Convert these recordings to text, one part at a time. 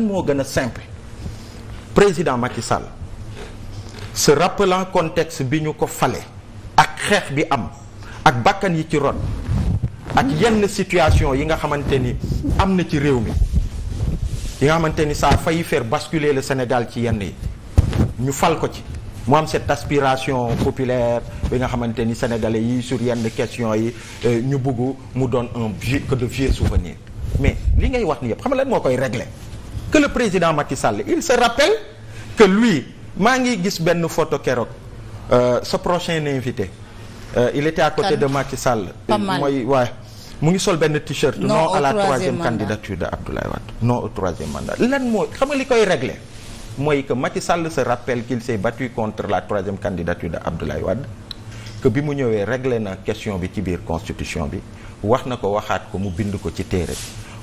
moo gën a simple président Macky Sall se rappelant contexte bi ñu ko fale ak xeex bi am ak bakkan yi ci ron ak yenn situation yi nga xamante ni am na ci réew mi yi nga xamante ni ça failli faire basculer le Sénégal ci yenn yi ñu fal ko ci mu am cette aspiration populaire bi nga xamante ni sénégalais yi sur yenn question yi euh, ñu bugg mu doon un vieux que de vieux souvenirs mais li ngay wax ni yëpp xam nga lan moo koy régler que le président Macky Sall il se rappelle que lui maa ngi gis benn photo keroog euh, sa prochain invité euh, il était à côté de Macky Sall mooy waaye mu ngi sol benn t-shirt non à la au troisième mandat lan mooy xam li koy régler mooy que Macky Sall se rappelle qu'il s'est battu contre la troisième candidature de Abdoulaye Wade que bi mu ñëwee réglé na question bi ci biir constitution bi wax na ko waxaat ko mu bind ko ci téere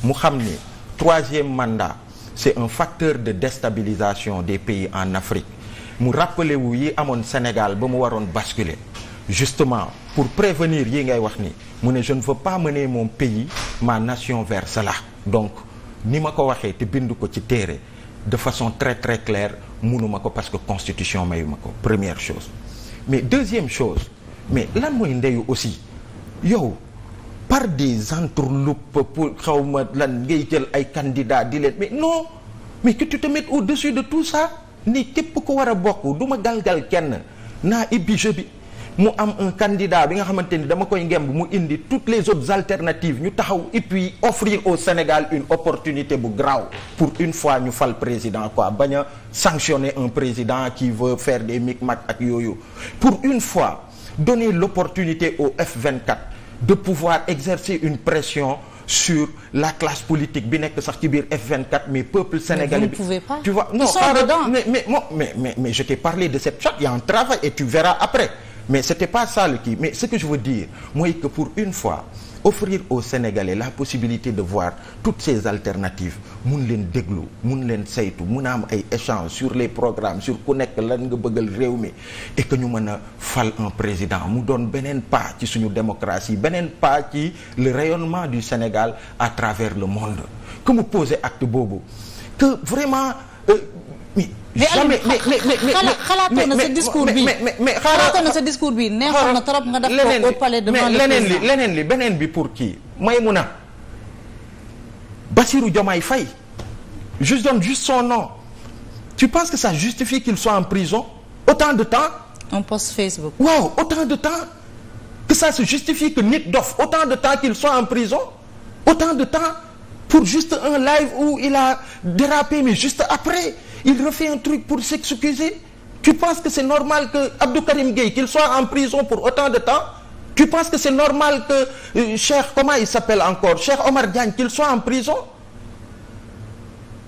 mu xam ni troisième mandat c'est un facteur de déstabilisation des pays en Afrique mu rappelé wu yi amoon Sénégal ba mu waroon basculer justement pour prévenir yi ngay wax ni mu ne je ne veux pas mener mon pays ma nation vers cela donc ni ma ko waxee te bindu ko ci téere de façon très très claire mënuma ko parce que constitution mayu ma ko première chose mais deuxième chose mais lan mooy ndeyu aussi yow par des entourloupes pour xaw ma lan ngay jël ay candidats di leen mais non mais que tu te au-dessus de tout ça ni képp ko war a bokk du ma galgal kenn naa ibbi bi mu am un candidat bi nga xamante ni dama koy ngemb mu indi toutes les autres alternatives ñu taxaw et puis offrir au Sénégal une opportunité bu graaw pour une fois ñu fal président quoi bañ a sanctionner un président qui veut fair des micmacs ak yooyu pour une fois donner l'opportunité au F24 de pouvoir exercer une pression sur la classe politique bi nekk sax ci biir F24 mais peuple sénégalais bi tu vois non mais mais mais mais mais je t'ai parlé a un travail et tu verras mooy que pour une fois offrir aux Sénégalais la possibilité de voir toutes ces alternatives mun leen déglu mun leen saytu mun a am ay échanges sur les programmes sur ku nekk lan nga bëggal réew mi et que ñu mën a fal un président mu doon beneen pas ci suñu démocratie beneen pas ci le rayonnement du Sénégal à travers le monde que mu poser acte boobu que vraiment Euh, jamais mais mais mais xalaatoon na sa discours bi mais xalaatoon na trop nga def ko au palais leneen li beneen bi pour kii Maïmouna Bassirou Diomaye Faye je donne juste son nom tu penses que ça justifie qu'il soit en prison autant de temps on poste Facebook waaw autant de temps que ça se justifie que nit dof autant de temps qu'il soit en prison autant de temps pour juste un live où il a dérapé mais juste après il refait un truc pour s'excuser tu penses que c'est normal que Abdou Karim Gueye qu'il soit en prison pour autant de temps tu penses que c'est normal que euh, Cheikh comment il s'appelle encore Cheikh Omar Diagne qu'il soit en prison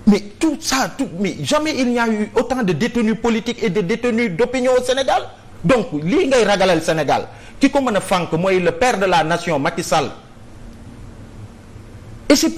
mais tout ça tout mais jamais il n'y a eu autant de détenus politiques et de détenus d'opinion au Sénégal donc lii ngay ragalal Sénégal ki ko mën a fànk mooy le père de la nation Macky Sall et c'est